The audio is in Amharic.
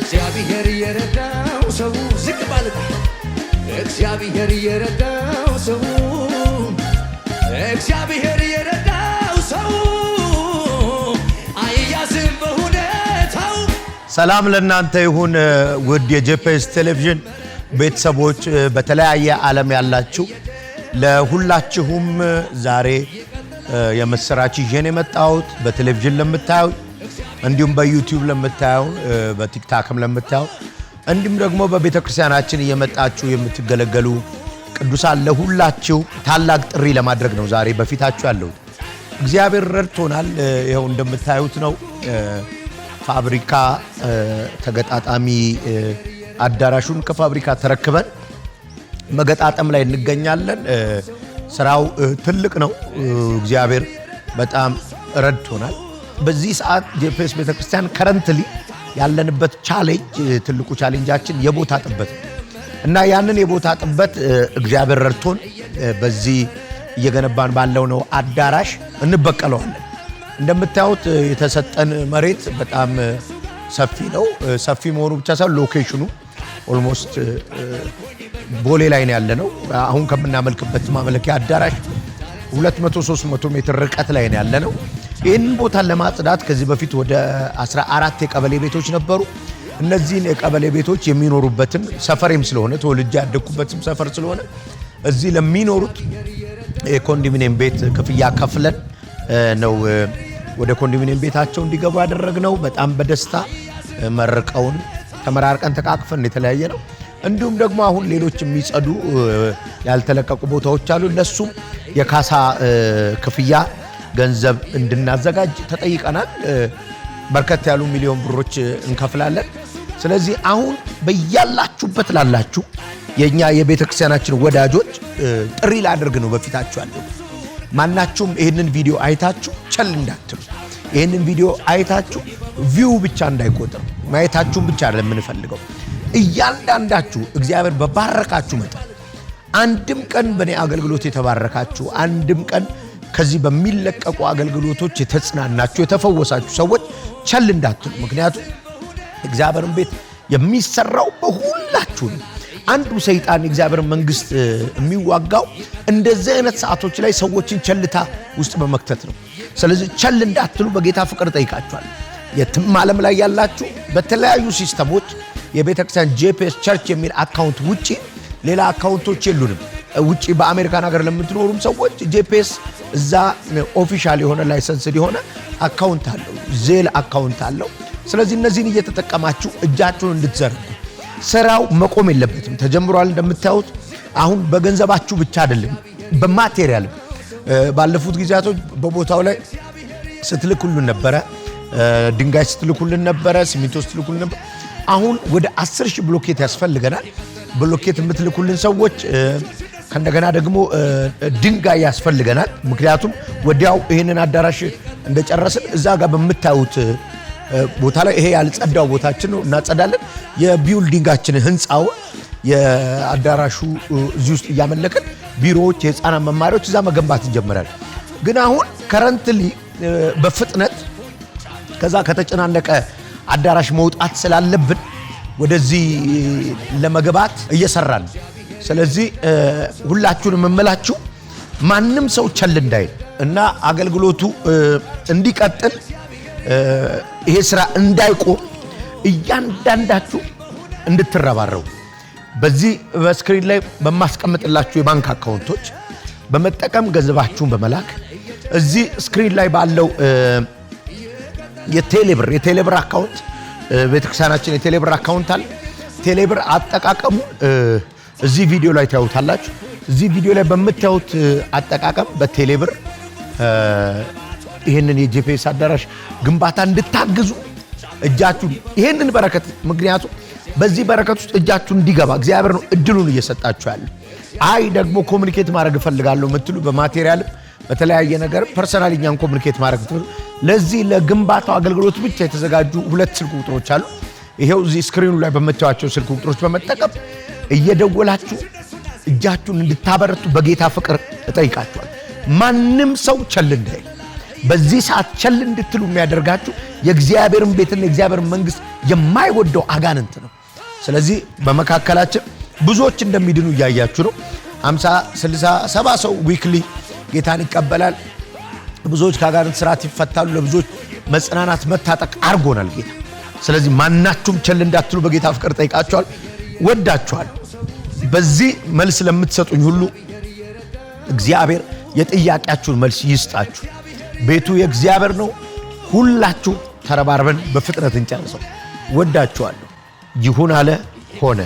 እግዚአብሔር የረዳው ሰው ዝቅ ማለት እግዚአብሔር የረዳው ሰው እግዚአብሔር የረዳው ሰው አይያዝም በሁኔታው። ሰላም ለእናንተ ይሁን ውድ የጄፒኤስ ቴሌቪዥን ቤተሰቦች በተለያየ ዓለም ያላችሁ ለሁላችሁም ዛሬ የምስራች ይዤን የመጣሁት በቴሌቪዥን ለምታዩት እንዲሁም በዩቲዩብ ለምታየው በቲክታክም ለምታየው እንዲሁም ደግሞ በቤተ ክርስቲያናችን እየመጣችሁ የምትገለገሉ ቅዱሳን ለሁላችሁ ታላቅ ጥሪ ለማድረግ ነው ዛሬ በፊታችሁ ያለሁት። እግዚአብሔር ረድቶናል። ይኸው እንደምታዩት ነው። ፋብሪካ ተገጣጣሚ አዳራሹን ከፋብሪካ ተረክበን መገጣጠም ላይ እንገኛለን። ስራው ትልቅ ነው። እግዚአብሔር በጣም ረድቶናል። በዚህ ሰዓት ጄፒኤስ ቤተክርስቲያን ከረንትሊ ያለንበት ቻሌንጅ ትልቁ ቻሌንጃችን የቦታ ጥበት ነው እና ያንን የቦታ ጥበት እግዚአብሔር ረድቶን በዚህ እየገነባን ባለው ነው አዳራሽ እንበቀለዋለን። እንደምታዩት የተሰጠን መሬት በጣም ሰፊ ነው። ሰፊ መሆኑ ብቻ ሳይሆን ሎኬሽኑ ኦልሞስት ቦሌ ላይ ነው ያለ ነው። አሁን ከምናመልክበት ማመለኪያ አዳራሽ 2300 ሜትር ርቀት ላይ ነው ያለ ነው። ይህንን ቦታ ለማጽዳት ከዚህ በፊት ወደ 14 የቀበሌ ቤቶች ነበሩ። እነዚህን የቀበሌ ቤቶች የሚኖሩበትን ሰፈሬም ስለሆነ ተወልጄ ያደግኩበትም ሰፈር ስለሆነ እዚህ ለሚኖሩት የኮንዶሚኒየም ቤት ክፍያ ከፍለን ነው ወደ ኮንዶሚኒየም ቤታቸው እንዲገቡ ያደረግነው። በጣም በደስታ መርቀውን ተመራርቀን ተቃቅፈን የተለያየ ነው። እንዲሁም ደግሞ አሁን ሌሎች የሚጸዱ ያልተለቀቁ ቦታዎች አሉ። እነሱም የካሳ ክፍያ ገንዘብ እንድናዘጋጅ ተጠይቀናል። በርከት ያሉ ሚሊዮን ብሮች እንከፍላለን። ስለዚህ አሁን በያላችሁበት ላላችሁ የእኛ የቤተ ክርስቲያናችን ወዳጆች ጥሪ ላደርግ ነው በፊታችሁ ያለው። ማናችሁም ይህንን ቪዲዮ አይታችሁ ቸል እንዳትሉ። ይህንን ቪዲዮ አይታችሁ ቪው ብቻ እንዳይቆጥር፣ ማየታችሁን ብቻ አይደለም የምንፈልገው። እያንዳንዳችሁ እግዚአብሔር በባረካችሁ መጠን አንድም ቀን በእኔ አገልግሎት የተባረካችሁ አንድም ቀን ከዚህ በሚለቀቁ አገልግሎቶች የተጽናናችሁ የተፈወሳችሁ ሰዎች ቸል እንዳትሉ። ምክንያቱም እግዚአብሔርን ቤት የሚሰራው በሁላችሁ ነው። አንዱ ሰይጣን የእግዚአብሔር መንግስት የሚዋጋው እንደዚህ አይነት ሰዓቶች ላይ ሰዎችን ቸልታ ውስጥ በመክተት ነው። ስለዚህ ቸል እንዳትሉ በጌታ ፍቅር ጠይቃችኋል። የትም ዓለም ላይ ያላችሁ በተለያዩ ሲስተሞች የቤተክርስቲያን ክርስቲያን ጄፒኤስ ቸርች የሚል አካውንት ውጭ ሌላ አካውንቶች የሉንም። ውጭ በአሜሪካን ሀገር ለምትኖሩም ሰዎች ጄፒኤስ እዛ ኦፊሻል የሆነ ላይሰንስድ የሆነ አካውንት አለው፣ ዜል አካውንት አለው። ስለዚህ እነዚህን እየተጠቀማችሁ እጃችሁን እንድትዘርጉ ስራው መቆም የለበትም፣ ተጀምሯል። እንደምታዩት አሁን በገንዘባችሁ ብቻ አይደለም፣ በማቴሪያልም ባለፉት ጊዜያቶች በቦታው ላይ ስትልኩልን ነበረ፣ ድንጋይ ስትልኩልን ነበረ፣ ሲሚንቶ ስትልኩልን ነበረ። አሁን ወደ አስር ሺህ ብሎኬት ያስፈልገናል። ብሎኬት የምትልኩልን ሰዎች ከእንደገና ደግሞ ድንጋይ ያስፈልገናል። ምክንያቱም ወዲያው ይህንን አዳራሽ እንደጨረስን እዛ ጋር በምታዩት ቦታ ላይ ይሄ ያልጸዳው ቦታችን ነው እናጸዳለን። የቢውልዲንጋችን ህንፃውን የአዳራሹ እዚህ ውስጥ እያመለክን ቢሮዎች፣ የህፃናት መማሪያዎች እዛ መገንባት እንጀምራል። ግን አሁን ከረንትሊ በፍጥነት ከዛ ከተጨናነቀ አዳራሽ መውጣት ስላለብን ወደዚህ ለመግባት እየሰራን ስለዚህ ሁላችሁን የምመላችሁ ማንም ሰው ቸል እንዳይል እና አገልግሎቱ እንዲቀጥል ይሄ ስራ እንዳይቆም እያንዳንዳችሁ እንድትረባረቡ በዚህ በስክሪን ላይ በማስቀምጥላችሁ የባንክ አካውንቶች በመጠቀም ገንዘባችሁን በመላክ እዚህ ስክሪን ላይ ባለው የቴሌብር የቴሌብር አካውንት ቤተክርስቲያናችን የቴሌብር አካውንት አለ። ቴሌብር አጠቃቀሙ እዚህ ቪዲዮ ላይ ታዩታላችሁ። እዚህ ቪዲዮ ላይ በምታዩት አጠቃቀም በቴሌብር ይህንን የጂፒኤስ አዳራሽ ግንባታ እንድታግዙ እጃችሁን ይህንን በረከት ምክንያቱም በዚህ በረከት ውስጥ እጃችሁ እንዲገባ እግዚአብሔር ነው እድሉን እየሰጣችሁ ያለ። አይ ደግሞ ኮሚኒኬት ማድረግ እፈልጋለሁ የምትሉ በማቴሪያል በተለያየ ነገር ፐርሰናል እኛን ኮሚኒኬት ማድረግ ለዚህ ለግንባታው አገልግሎት ብቻ የተዘጋጁ ሁለት ስልክ ቁጥሮች አሉ። ይሄው እዚህ ስክሪኑ ላይ በምታዩቸው ስልክ ቁጥሮች በመጠቀም እየደወላችሁ እጃችሁን እንድታበረቱ በጌታ ፍቅር እጠይቃችኋል። ማንም ሰው ቸል እንዳይ በዚህ ሰዓት ቸል እንድትሉ የሚያደርጋችሁ የእግዚአብሔርን ቤትና የእግዚአብሔርን መንግሥት የማይወደው አጋንንት ነው። ስለዚህ በመካከላችን ብዙዎች እንደሚድኑ እያያችሁ ነው። ሃምሳ ስልሳ ሰባ ሰው ዊክሊ ጌታን ይቀበላል። ብዙዎች ከአጋንንት ስርዓት ይፈታሉ። ለብዙዎች መጽናናት መታጠቅ አድርጎናል ጌታ። ስለዚህ ማናችሁም ቸል እንዳትሉ በጌታ ፍቅር ጠይቃችኋል። ወዳችኋል። በዚህ መልስ ለምትሰጡኝ ሁሉ እግዚአብሔር የጥያቄያችሁን መልስ ይስጣችሁ። ቤቱ የእግዚአብሔር ነው። ሁላችሁ ተረባርበን በፍጥነት እንጨርሰው። ወዳችኋለሁ። ይሁን አለ ሆነ።